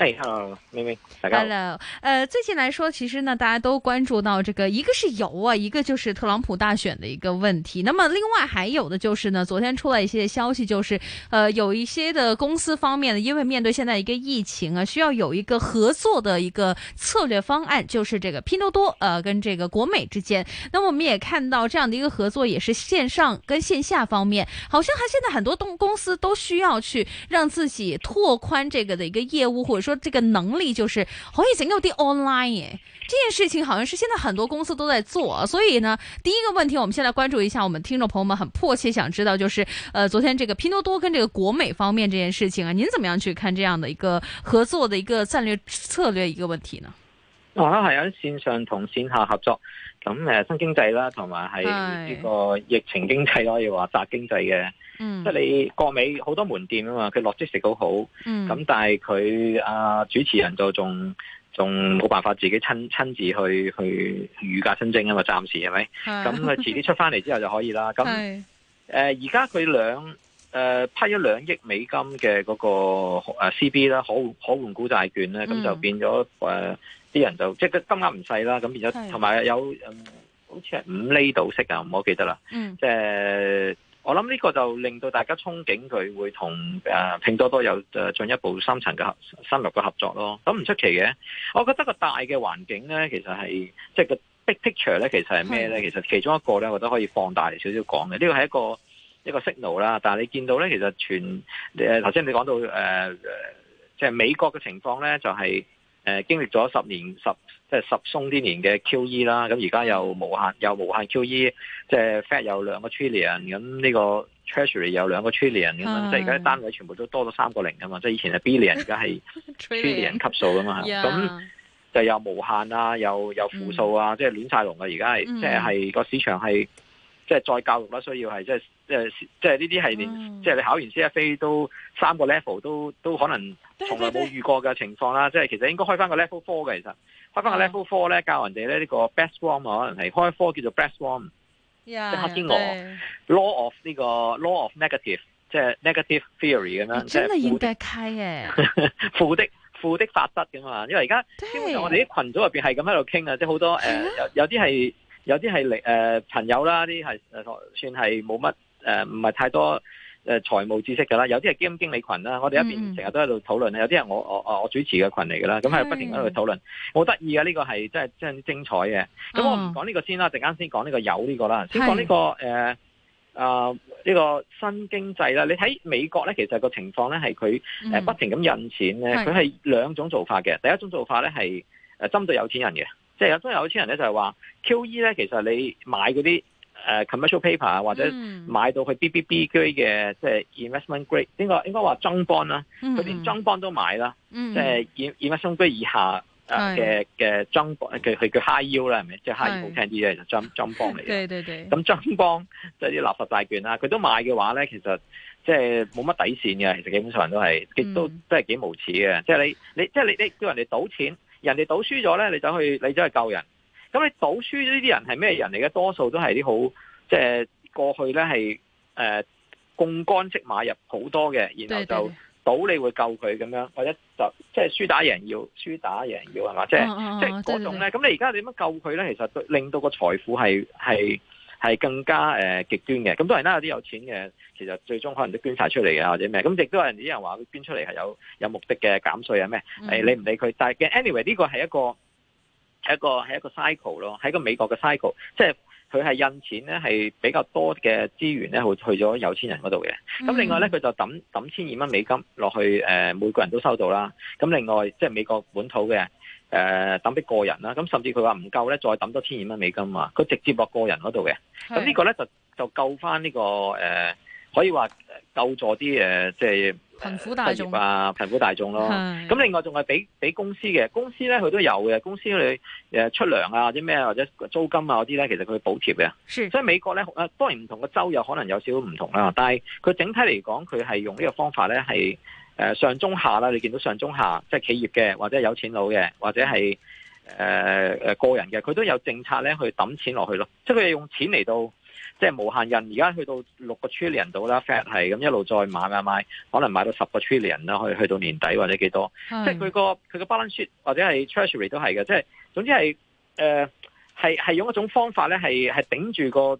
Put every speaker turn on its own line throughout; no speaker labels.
哎，好，妹妹，大家
好。Hello，呃，最近來說，其實呢，大家都關注到這個，一個是油啊，一個就是特朗普大選的一個問題。那麼，另外還有的就是呢，昨天出來一些消息，就是呃，有一些的公司方面呢，因為面對現在一個疫情啊，需要有一個合作的一個策略方案，就是這個拼多多呃跟這個國美之間。那麼，我們也看到這樣的一個合作，也是線上跟線下方面，好像還現在很多東公司都需要去讓自己拓寬這個的一個業務，或者說。這個能力就是可以整個 online 的 online 這件事情，好像是現在很多公司都在做。所以呢，第一個問題，我們先來關注一下，我們聽眾朋友們很迫切想知道，就是呃，昨天這個拼多多跟這個國美方面這件事情啊，您怎麼樣去看這樣的一個合作的一個戰略策略一個問題呢？
我係喺線上同線下合作，咁誒、呃，新經濟啦，同埋係呢個疫情經濟可以話雜經濟嘅。即、嗯、係、就是、你國美好多門店啊嘛，佢落即食好好，咁、嗯、但係佢、啊、主持人就仲仲冇辦法自己親親自去去御駕親征啊嘛，暫時係咪？咁佢遲啲出翻嚟之後就可以啦。咁誒，而家佢兩誒批咗兩億美金嘅嗰、那個誒、呃、C B 啦，可可換股債券咧，咁就變咗誒啲人就即係佢金額唔細啦，咁、就是，變咗，同埋有，有、呃、好似係五厘倒息啊，我唔記得啦，即、嗯、係。呃我諗呢個就令到大家憧憬佢會同誒、啊、拼多多有誒進、啊、一步深層嘅合深入嘅合作咯，咁唔出奇嘅。我覺得個大嘅環境咧，其實係即係個 big picture 咧，其實係咩咧？其實其中一個咧，我覺得可以放大嚟少少講嘅。呢個係一個一個 signal 啦。但係你見到咧，其實全誒頭先你講到誒，即、啊、係、就是、美國嘅情況咧，就係、是、誒、啊、經歷咗十年十。即、就、係、是、十鬆啲年嘅 QE 啦，咁而家又無限又無限 QE，即係 Fed 有兩個 trillion，咁呢個 Treasury 有兩個 trillion 咁、mm. 樣，即係而家單位全部都多咗三個零噶嘛，即係以前係 billion，而家係 trillion 級數噶嘛，咁、 yeah. 就有無限啊，又有，有負數啊，即係亂晒龍啊！而家係即係係個市場係即係再教育啦，需要係即係。就是即係、嗯、即係呢啲係連即係你考完 CFA 都三個 level 都都可能從來冇遇過嘅情況啦！對對對即係其實應該開翻個 level four 嘅，其實開翻個 level four 咧、哦、教人哋咧呢個 best one 可能係開科叫做 best one，即、嗯就是、黑天鵝 law of 呢、呢個 law of negative 即 negative theory 咁樣，真係要嘅，就是、負的, 負的負的法則咁嘛。因為而
家基本上我哋啲
群組入邊係咁喺度傾啊，即好多誒有有啲係有啲係誒朋友啦，啲係誒算係冇乜。誒、呃，唔係太多誒財、呃、務知識噶啦，有啲係基金經理群啦，我哋一邊成日都喺度討論，有啲係我我我主持嘅群嚟噶啦，咁係不停喺度討論，好得意啊！呢、這個係真係真係精彩嘅。咁我唔講呢個先啦，陣、哦、間先講呢個有呢個啦，先講呢、這個誒啊呢個新經濟啦。你睇美國咧，其實個情況咧係佢誒不停咁印錢咧，佢係兩種做法嘅。第一種做法咧係誒針對有錢人嘅，即、就、係、是、有啲有錢人咧就係、是、話 QE 咧，其實你買嗰啲。誒、uh，commercial paper 啊、嗯，或者買到去 BBB 級嘅，即、就、係、是、investment grade，應該應該話 junk bond 啦，
佢連 junk
bond 都買啦，
即、嗯、
係、就是、grade 以下嘅嘅 junk bond，佢佢叫 high yield 啦，係咪？即係 high yield 好聽啲咧，就 junk junk bond 嚟
嘅。對
對對，咁 junk bond 即係啲垃圾債券啦，佢都買嘅話咧，其實即係冇乜底線嘅，其實基本上都係幾都真係幾無恥嘅。即、嗯、係、就是、你你即係、就是、你你叫人哋賭錢，人哋賭輸咗咧，你走去你就去救人。咁你賭輸呢啲人係咩人嚟嘅？多數都係啲好即係過去咧係誒槓桿即買入好多嘅，然後就賭你會救佢咁樣，或者就即係、就是、輸打贏要輸打贏要係嘛？即係即係嗰種咧。咁、啊啊、你而家點樣救佢咧？其實令到個財富係係係更加誒、呃、極端嘅。咁當然啦，有啲有錢嘅，其實最終可能都捐晒出嚟啊，或者咩？咁亦都有人啲人話捐出嚟係有有目的嘅減稅啊咩？誒你唔理佢？但係 anyway 呢個係一個。係一個係一個 cycle 咯，喺一個美國嘅 cycle，即係佢係印錢咧，係比較多嘅資源咧，會去咗有錢人嗰度嘅。咁另外咧，佢就抌抌千二蚊美金落去，誒、呃、每個人都收到啦。咁另外，即係美國本土嘅誒抌俾個人啦。咁甚至佢話唔夠咧，再抌多千二蚊美金啊，佢直接落個人嗰度嘅。咁呢個咧就就救翻呢、這個誒。呃可以話救助啲即係貧苦大眾啊，貧苦大眾咯。咁另外仲係俾俾公司嘅公司咧，佢都有嘅公司你誒出糧啊，或者咩或者租金啊嗰啲咧，其實佢補貼嘅。所以美國咧誒，當然唔同個州有可能有少少唔同啦，但係佢整體嚟講，佢係用呢個方法咧，係誒上中下啦。你見到上中下即係企業嘅，或者有錢佬嘅，或者係誒誒個人嘅，佢都有政策咧去揼錢落去咯。即係佢用錢嚟到。即係無限印，而家去到六個 trillion 度啦，Fed 係咁一路再買買、啊、買，可能買到十個 trillion 啦，可以去到年底或者幾多，是的即係佢個佢個 balance sheet 或者係 treasury 都係嘅，即係總之係誒係係用一種方法咧，係係頂住個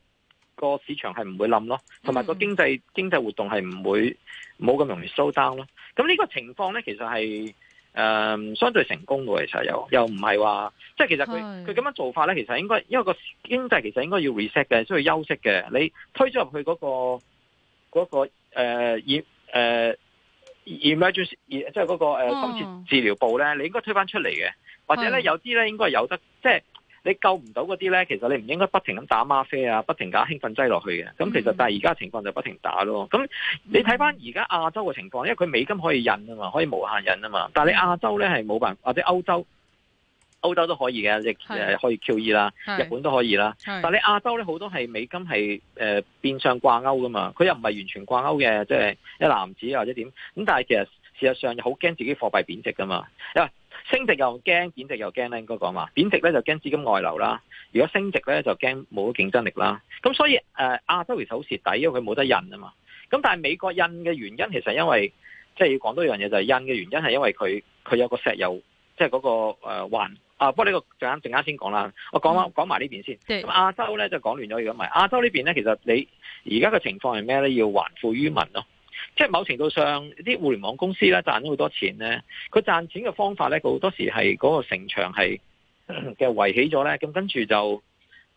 個市場係唔會冧咯，同埋個經濟、mm -hmm. 經濟活動係唔會冇咁容易 slow down 咯，咁呢個情況咧其實係。誒、嗯，相對成功嘅其實又又唔係話，即係其實佢佢咁樣做法咧，其實應該因為個經濟其實應該要 reset 嘅，需要休息嘅。你推咗入去嗰、那個嗰、那個誒，誒、呃呃、emergency，即係嗰、那個誒深切治療部咧、嗯，你應該推返出嚟嘅，或者咧有啲咧應該有得即係。你救唔到嗰啲咧，其實你唔應該不停咁打嗎啡啊，不停打興奮劑落去嘅。咁其實但係而家情況就不停打咯。咁你睇翻而家亞洲嘅情況，因為佢美金可以印啊嘛，可以無限印啊嘛。但你亞洲咧係冇辦法，或者歐洲、歐洲都可以嘅，亦可以 QE 啦，日本都可以啦。但你亞洲咧好多係美金係誒變相掛鈎噶嘛，佢又唔係完全掛鈎嘅，即係一籃子或者點。咁但係其實事實上又好驚自己貨幣貶值噶嘛，因為升值又驚，貶值又驚咧，應該講嘛。貶值咧就驚資金外流啦，如果升值咧就驚冇競爭力啦。咁所以誒、呃、亞洲其實好蝕底，因為佢冇得印啊嘛。咁但係美國印嘅原因其實是因為即係要講多樣嘢，就係印嘅原因係因為佢佢有個石油，即係嗰個誒環、呃。啊，不過呢個陣間，陣間先講啦。我講講埋呢邊先。咁亞洲咧就講亂咗，如果唔係亞洲呢亞洲邊咧，其實你而家嘅情況係咩咧？要還富於民咯。即係某程度上，啲互聯網公司咧賺咗好多錢咧，佢賺錢嘅方法咧，佢好多時係嗰個城牆係嘅圍起咗咧，咁跟住就，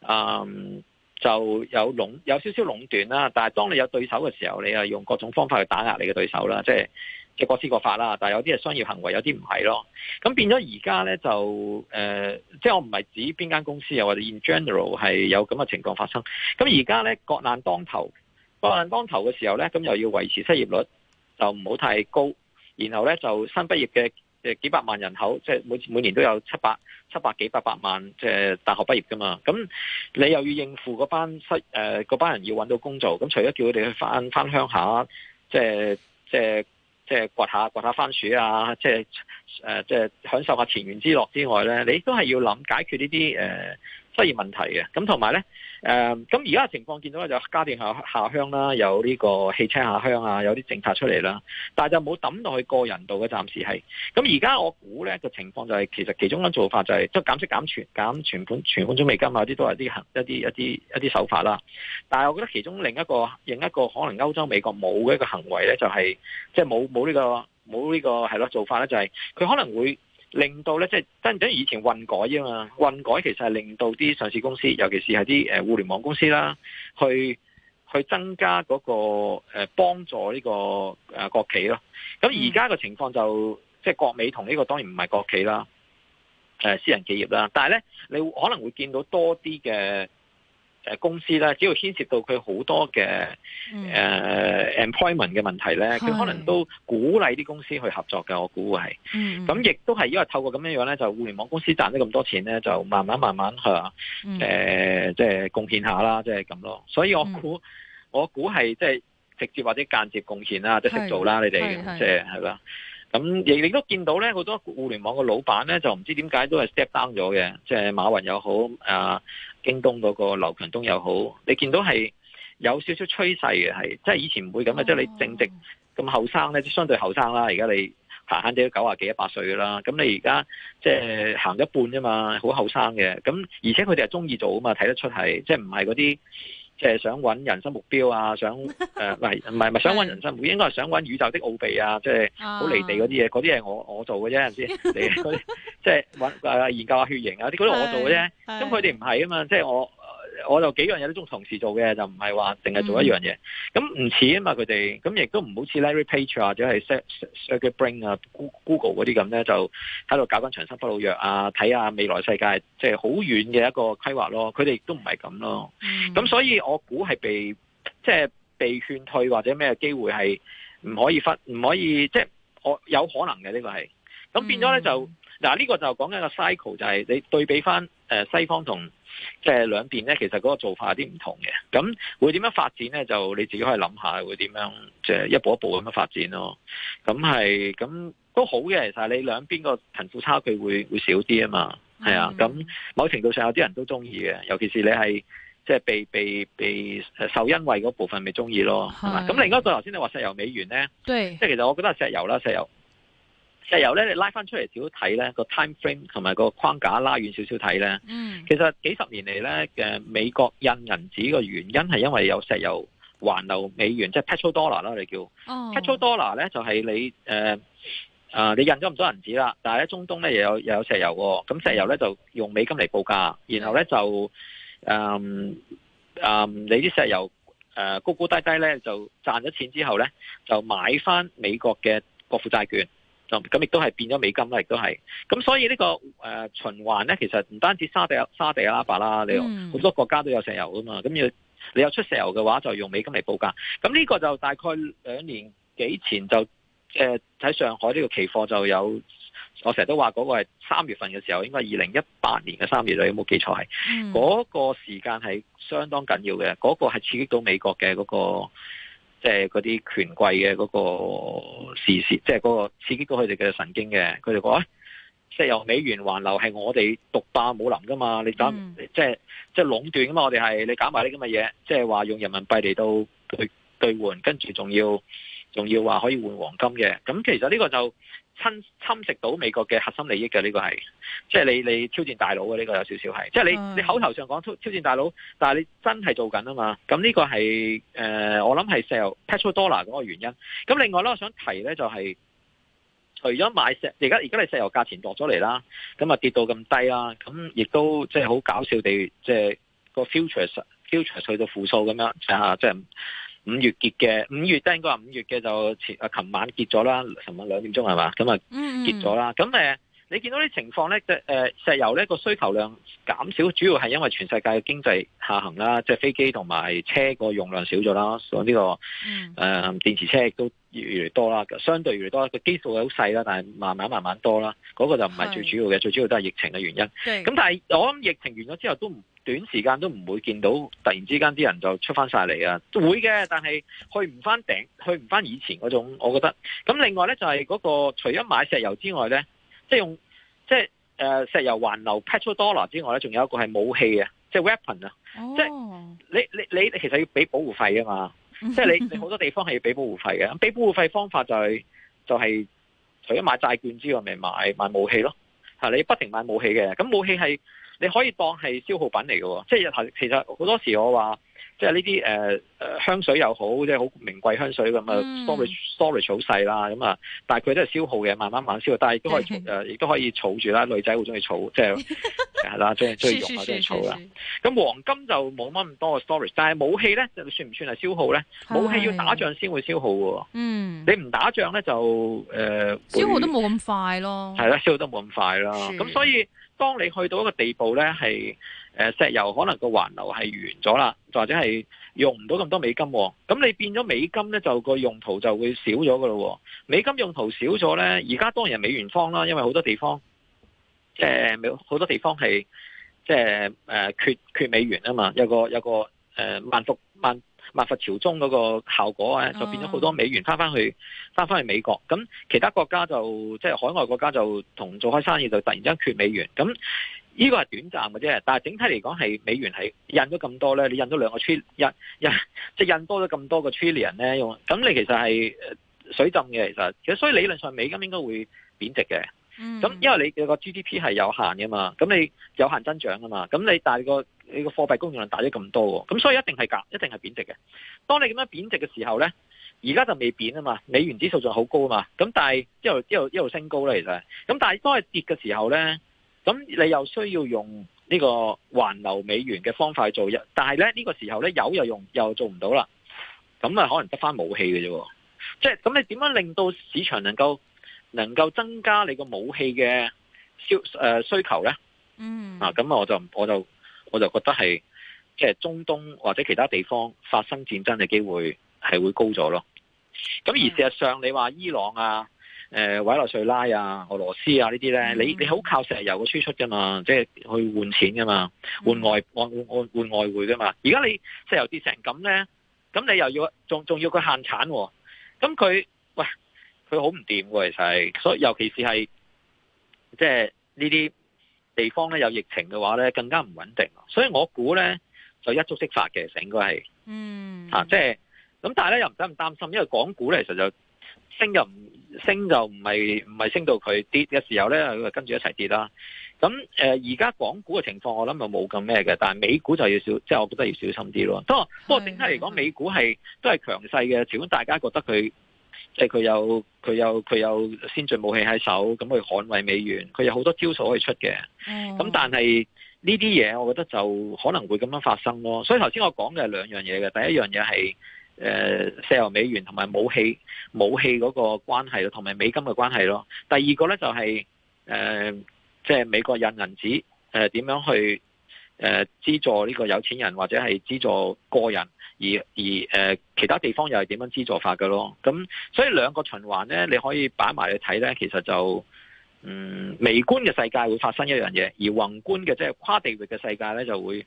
嗯，就有壟有少少壟斷啦。但係當你有對手嘅時候，你又用各種方法去打壓你嘅對手啦，即係即各施各法啦。但係有啲係商業行為，有啲唔係咯。咁變咗而家咧就，誒、呃，即係我唔係指邊間公司，又或者 in general 係有咁嘅情況發生。咁而家咧國難當頭。困難當頭嘅時候呢，咁又要維持失業率就唔好太高，然後呢，就新畢業嘅誒幾百萬人口，即係每每年都有七百七百幾百百萬即係大學畢業噶嘛，咁你又要應付嗰班失誒、呃、班人要搵到工做，咁除咗叫佢哋去返返鄉下，即係即係即係掘下掘下番薯啊，即係誒、呃、即係享受下田園之樂之外呢，你都係要諗解決呢啲誒。呃出現問題嘅，咁同埋呢，誒、呃，咁而家嘅情況見到咧，就家電下下鄉啦，有呢個汽車下鄉啊，有啲政策出嚟啦，但係就冇抌落去個人度嘅，暫時係。咁而家我估呢個情況就係、是，其實其中一個做法就係即係減息減存、減存、減存款、存款準備金啊，啲都係啲一啲一啲一啲手法啦。但係我覺得其中另一個另一個可能歐洲美國冇嘅一個行為呢、就是，就係即係冇冇呢個冇呢、這個係咯做法呢、就是，就係佢可能會。令到咧，即係真係以前混改啊嘛，混改其實係令到啲上市公司，尤其是係啲誒互聯網公司啦，去去增加嗰、嗰個誒幫助呢個誒國企咯。咁而家個情況就即係國美同呢個當然唔係國企啦，誒、就係、私人企業啦。但係咧，你可能會見到多啲嘅。誒，公司咧，只要牽涉到佢好多嘅誒、嗯呃、employment 嘅問題咧，佢可能都鼓勵啲公司去合作嘅，我估會係。嗯。咁亦都係因為透過咁樣樣咧，就互聯網公司賺咗咁多錢咧，就慢慢慢慢係嘛？即、呃、係、即係、貢獻下啦，即係咁咯。所以我估、嗯，我估係即係直接或者間接貢獻啦，即係識做啦，你哋即係係啦。咁亦你都見到咧，好多互聯網嘅老闆咧，就唔知點解都係 step down 咗嘅，即係馬雲又好，啊，京東嗰個劉強東又好，你見到係有少少趨勢嘅，係即係以前唔會咁嘅、嗯，即係你正值咁後生咧，相對後生啦，而家你行行都九啊幾一百歲啦，咁你而家即係行咗一半啫嘛，好後生嘅，咁而且佢哋係中意做啊嘛，睇得出係，即係唔係嗰啲。即係想揾人生目標啊，想誒唔係唔係想揾人生目標，標應該係想揾宇宙的奧秘啊！即係好離地嗰啲嘢，嗰啲係我我做嘅啫先，你 啲、 就是，即係揾誒研究下血型啊啲，嗰啲我做嘅啫，咁佢哋唔係啊嘛，即係我。我就幾樣嘢都仲同時做嘅，就唔係話淨係做一樣嘢。咁唔似啊嘛佢哋，咁亦都唔好似 Larry Page 或者係 Sergey Brin 啊 Google 嗰啲咁呢，就喺度搞緊長生不老藥啊，睇下未來世界，即係好遠嘅一個規劃咯。佢哋都唔係咁咯。咁、嗯、所以我估係被即係、就是、被勸退或者咩機會係唔可以忽，唔可以即係我有可能嘅呢、呢個係。咁變咗呢就。嗯嗱、啊、呢、這個就講緊一個 cycle，就係你對比翻誒、呃、西方同即係兩邊咧，其實嗰個做法有啲唔同嘅。咁會點樣發展咧？就你自己可以諗下，會點樣即係、就是、一步一步咁樣發展咯。咁係咁都好嘅，其、就、實、是、你兩邊個貧富差距會會少啲啊嘛。
係啊，咁
某程度上有啲人都中意嘅，尤其是你係即係被被被受恩惠嗰部分，咪中意咯。係嘛。咁另外一個頭先你話石油美元咧，即係其實我覺得石油啦，石油。石油咧，你拉翻出嚟少少睇咧，個 time frame 同埋個框架拉遠少少睇咧。嗯。其實幾十年嚟咧美國印銀紙個原因係因為有石油環流美元，即、就、係、是、petrol dollar 啦，我哋叫。哦。petrol dollar 咧就係、是、你誒、呃、你印咗咁多銀紙啦，但係喺中東咧又有又有石油，咁石油咧就用美金嚟報價，然後咧就嗯啊、嗯，你啲石油誒高高低低咧就賺咗錢之後咧就買翻美國嘅國庫債券。咁亦都係變咗美金啦，亦都係。咁所以呢、個、呃、循環咧，其實唔單止沙地沙地阿拉伯啦，你好、嗯、多國家都有石油㗎嘛。咁要你有出石油嘅話，就用美金嚟報價。咁呢個就大概兩年幾前就誒喺、呃、上海呢個期貨就有，我成日都話嗰個係三月份嘅時候，應該二零一八年嘅三月，你有冇記錯？嗰、嗯嗰個時間係相當緊要嘅，嗰、嗰個係刺激到美國嘅嗰、嗰個。即係嗰啲權貴嘅嗰個事事，即係嗰個刺激到佢哋嘅神經嘅，佢哋講，即係石油美元環流係我哋獨霸武林噶嘛，你搞即係即係壟斷噶嘛，我哋係你搞埋啲咁嘅嘢，即係話用人民幣嚟到去兌換，跟住仲要仲要話可以換黃金嘅，咁其實呢個就。侵侵蝕到美國嘅核心利益嘅呢、這個係，即係你你挑戰大佬嘅呢個有少少係、嗯，即係你你口頭上講挑戰戰大佬，但係你真係做緊啊嘛，咁呢個係誒、呃、我諗係石油 petrodollar 嗰個原因。咁另外咧，我想提咧就係、是，除咗買石，而家而家你石油價錢落咗嚟啦，咁啊跌到咁低啦、啊，咁亦都即係好搞笑地，即係個 futures futures 去到負數咁樣下、啊，即係。五月結嘅五月，即係應該話五月嘅就前啊，琴晚結咗啦。琴晚兩點鐘係嘛？咁啊，結咗啦。咁、嗯、誒、嗯。你見到啲情況咧，即石油咧個需求量減少，主要係因為全世界嘅經濟下行啦，即係飛機同埋車個用量少咗啦、嗯，所以呢、這個誒、呃、電池車亦都越嚟越多啦，相對越嚟多，個基數係好細啦，但係慢慢慢慢多啦。嗰、那個就唔係最主要嘅，最主要都係疫情嘅原因。咁但係我諗疫情完咗之後，都唔短時間都唔會見到突然之間啲人就出翻晒嚟啊！都會嘅，但係去唔翻頂，去唔翻以前嗰種，我覺得。咁另外咧就係嗰、那個除咗買石油之外咧，即係用。即係誒石油環流 Petrodollar 之外咧，仲有一個係武器嘅，即係 weapon 啊、oh.！即係你你你其實要俾保護費啊嘛！即係你你好多地方係要俾保護費嘅。咁俾保護費的方法就係、是、就係除咗買債券之外買，咪買武器咯嚇，你不停買武器嘅，咁武器係你可以當係消耗品嚟嘅，即係日頭其實好多時我話。即係呢啲誒香水又好，即係好名貴香水咁啊、mm.，storage storage 好細啦咁啊，但係佢都係消耗嘅，慢慢慢慢消耗，但係亦都可以誒，亦 都可以儲住啦。女仔會中意儲，即係係啦，中意中意用啊，中意儲啦。咁黃金就冇乜咁多嘅 storage，但係武器咧，就算唔算係消耗咧？武器要打仗先會消耗喎。嗯、mm.，你唔打仗咧就誒、呃。消耗
得冇咁快咯。係啦，
消耗得冇咁快啦。咁所以，當你去到一個地步咧，係。石油可能個環流係完咗啦，或者係用唔到咁多美金，咁你變咗美金咧就個用途就會少咗噶咯。美金用途少咗咧，而家當然係美元方啦，因為好多地方即係好多地方係即係誒缺缺美元啊嘛，有個有個誒萬佛萬萬佛朝宗嗰個效果啊，就變咗好多美元翻翻去翻翻去美國，咁其他國家就即係海外國家就同做開生意就突然之間缺美元咁。呢、這個係短暫嘅啫，但係整體嚟講係美元係印咗咁多咧，你印咗兩個 trillion，印印即係印多咗咁多個 trillion 咧，用咁你其實係水浸嘅，其實其實所以理論上美金應該會貶值嘅。咁、嗯、因為你個 GDP 係有限噶嘛，咁你有限增長噶嘛，咁你但係個你個貨幣供應量大咗咁多，咁所以一定係降，一定係貶值嘅。當你咁樣貶值嘅時候咧，而家就未貶啊嘛，美元指數仲好高啊嘛，咁但係一路一路一路升高咧，其實咁但係當係跌嘅時候咧。咁你又需要用呢個環流美元嘅方法做，但係咧呢、這個時候咧油，又用油又做唔到啦，咁啊可能得翻武器嘅啫，即係咁你點樣令到市場能夠能夠增加你個武器嘅消誒需求咧？嗯、mm -hmm. 啊，啊咁我就我就我就覺得係即係中東或者其他地方發生戰爭嘅機會係會高咗咯。咁而事實上你話伊朗啊？誒委內瑞拉啊、俄羅斯啊呢啲咧，你你好靠石油嘅輸出噶嘛，即係去換錢噶嘛，換外外外換外匯噶嘛。而家你石油跌成咁咧，咁你又要仲仲要佢限產喎，咁佢喂佢好唔掂喎，其實係，所以尤其是係即係呢啲地方咧有疫情嘅話咧，更加唔穩定。所以我估咧就一觸即發嘅，成應該係，嗯，嚇，即係咁，但係咧又唔使咁擔心，因為港股咧其實就升又唔～升就唔係唔係升到佢跌嘅時候咧，佢跟住一齊跌啦。咁誒而家港股嘅情況，我諗就冇咁咩嘅，但係美股就要小，即係我覺得要小心啲咯。不過不過整體嚟講，美股係都係強勢嘅，除非大家覺得佢即係佢有佢有佢有，有先進武器喺手，咁去捍衛美元，佢有好多招數可以出嘅。咁、嗯、但係呢啲嘢，我覺得就可能會咁樣發生咯。所以頭先我講嘅係兩樣嘢嘅，第一樣嘢係。誒石油美元同埋武器武器嗰個關係咯，同埋美金嘅關係咯。第二個咧，就係誒即係美國印銀紙，誒點樣去誒資助呢個有錢人或者係資助個人，而而誒其他地方又係點樣資助法嘅咯。咁所以兩個循環咧，你可以擺埋去睇咧，其實就嗯微觀嘅世界會發生一樣嘢，而宏觀嘅即係跨地域嘅世界咧就會。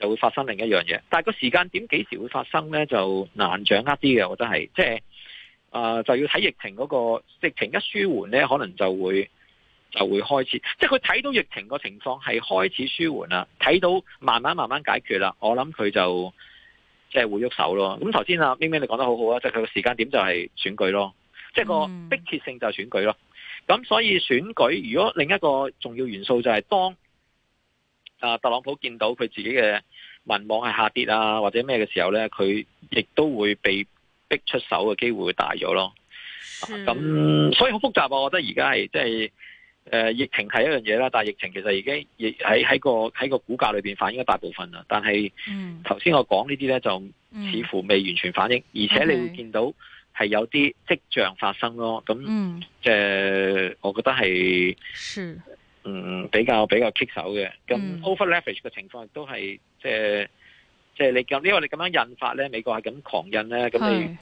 就會發生另一樣嘢，但係個時間點幾時會發生呢？就難掌握啲嘅。我覺得係，即係啊，就要睇疫情嗰、那個疫情一舒緩呢，可能就會就會開始，即係佢睇到疫情個情況係開始舒緩啦，睇到慢慢慢慢解決啦，我諗佢就即係、就是、會喐手咯。咁頭先啊，冰冰你講得好好啊，就佢、是、個時間點就係選舉咯，即、就、係、是、個迫切性就係選舉咯。咁所以選舉如果另一個重要元素就係當。啊，特朗普見到佢自己嘅民望係下跌啊，或者咩嘅時候咧，佢亦都會被逼出手嘅機會會大咗咯。咁、啊、所以好複雜啊！我覺得而家係即係誒疫情係一樣嘢啦，但係疫情其實而家亦喺喺個喺個股價裏邊反映咗大部分啦。但係頭先我講呢啲咧就似乎未完全反映，嗯、而且你會見到係有啲跡象發生咯。咁即係我覺得係。是。嗯，比較比較棘手嘅，咁 over leverage 嘅情況亦都係即係即係你咁，因為你咁樣印發咧，美國係咁狂印咧，咁你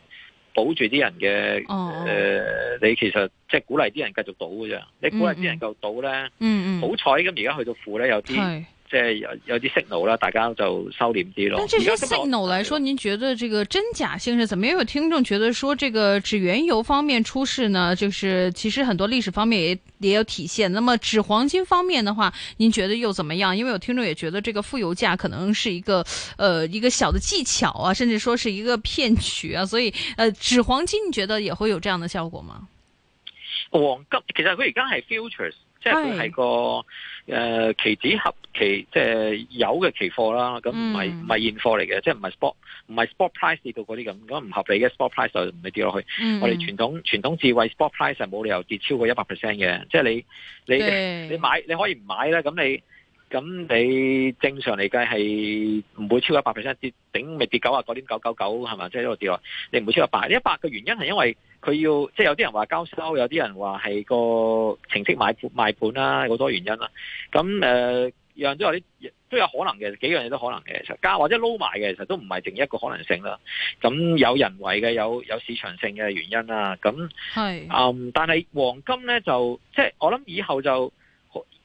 保住啲人嘅，誒、哦呃，你其實即係鼓勵啲人繼續賭嘅啫，你鼓勵啲人繼續賭咧，嗯嗯，嗯嗯好彩咁而家去到負咧有啲。即、呃、係有有啲 signal 啦，大家就收斂啲咯。但這些 signal
來說，您覺得這個真假性是怎麼樣？因為有聽眾覺得說，這個紙原油方面出事呢，就是其實很多歷史方面也也有體現。那麼紙黃金方面的話，您覺得又怎麼樣？因為有聽眾也覺得這個負油價可能是一個，呃，一個小的技巧啊，甚至說是一個騙局啊。所以，呃，紙黃金，你覺得也會有這樣的效果嗎？
黃、哦、金其實佢而家係 futures，即係佢係個。誒期指合期即係有嘅期貨啦，咁唔係唔係現貨嚟嘅，即係唔係 spot，唔係 spot price 跌到嗰啲咁，咁唔合理嘅 spot price 就唔會跌落去。嗯、我哋傳統傳統智慧 spot price 係冇理由跌超過一百 percent 嘅，即係你你你買你可以唔買啦。咁你。咁你正常嚟計係唔會超過百 percent 跌頂，咪、就是、跌九啊九點九九九係嘛？即係一路跌落，你唔會超過百。一百嘅原因係因為佢要，即、就、係、是、有啲人話交收，有啲人話係個程式買盤賣盤啦，好、啊、多原因啦、啊。咁誒、呃，樣都有啲都有可能嘅，幾樣嘢都可能嘅。其實加或者撈埋嘅，其實都唔係淨一個可能性啦。咁有人為嘅，有有市場性嘅原因啦、啊。咁、嗯，但係黃金咧就即係我諗以後就。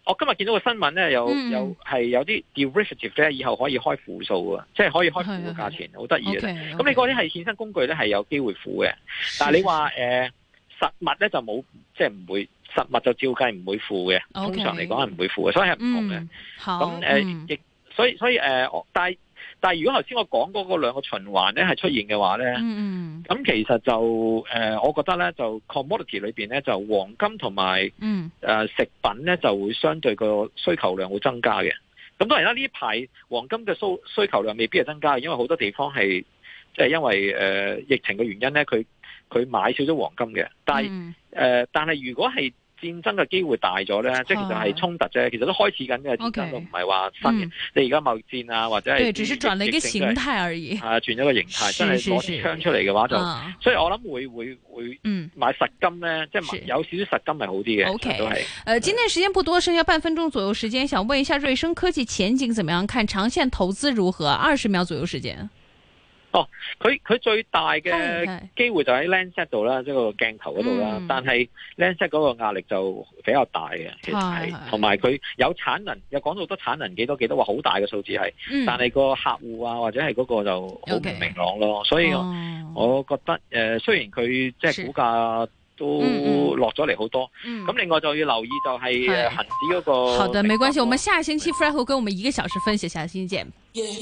我今日見到個新聞咧、嗯，有有係有啲 derivative 咧，以後可以開負數啊，即係可以開負嘅價錢，好得意嘅。咁、okay，你嗰啲係衍生工具咧，係有機會負嘅。Okay，但係你話誒、okay，呃、實物咧就冇，即係唔會實物就照計唔會負嘅。Okay，通常嚟講係唔會負嘅，所以係
唔同嘅。咁誒
亦所以所以誒、呃，但係。但係如果頭先我講嗰個兩個循環咧係出現嘅話咧，咁、嗯、其實就誒，我覺得咧就 commodity 裏邊咧就黃金同埋食品咧就會相對個需求量會增加嘅。咁當然啦，呢一排黃金嘅需需求量未必係增加，因為好多地方係即係因為疫情嘅原因咧，佢佢買少咗黃金嘅。但係、嗯呃、但係如果係戰爭嘅機會大咗咧，即係其實係衝突啫，其實都開始緊嘅，而家都唔係話新嘅。你而家貿易戰啊，或者係、就是、對，只是轉咗一個形態而已。係啊，轉咗一個形態，真係攞支槍出嚟嘅話就、啊，所以我諗會會會買實金咧、嗯，即係有少少實金係好啲嘅。Okay, 都係誒、
呃呃，今天時間不多，剩下半分鐘左右時間，想問一下瑞聲科技前景怎麼樣看？看長線投資如何？二十秒左右時間。
哦，佢佢最大嘅機會就喺 Lens set 度啦，即、嗯、係、那個鏡頭嗰度啦。但係 Lens set 嗰個壓力就比較大嘅，其實係同埋佢有產能，又、嗯、講到好多產能幾多幾多，話好大嘅數字係、嗯。但係個客戶啊，或者係嗰個就好唔明朗咯。Okay, 所以，我覺得誒、嗯呃，雖然佢即係股價都落咗嚟好多。咁、嗯、另外就要留意就係恆指嗰個。好的，沒
關係、嗯，我們下星期 Frank 跟我們一個小時分析下新嘅。Yeah, yeah,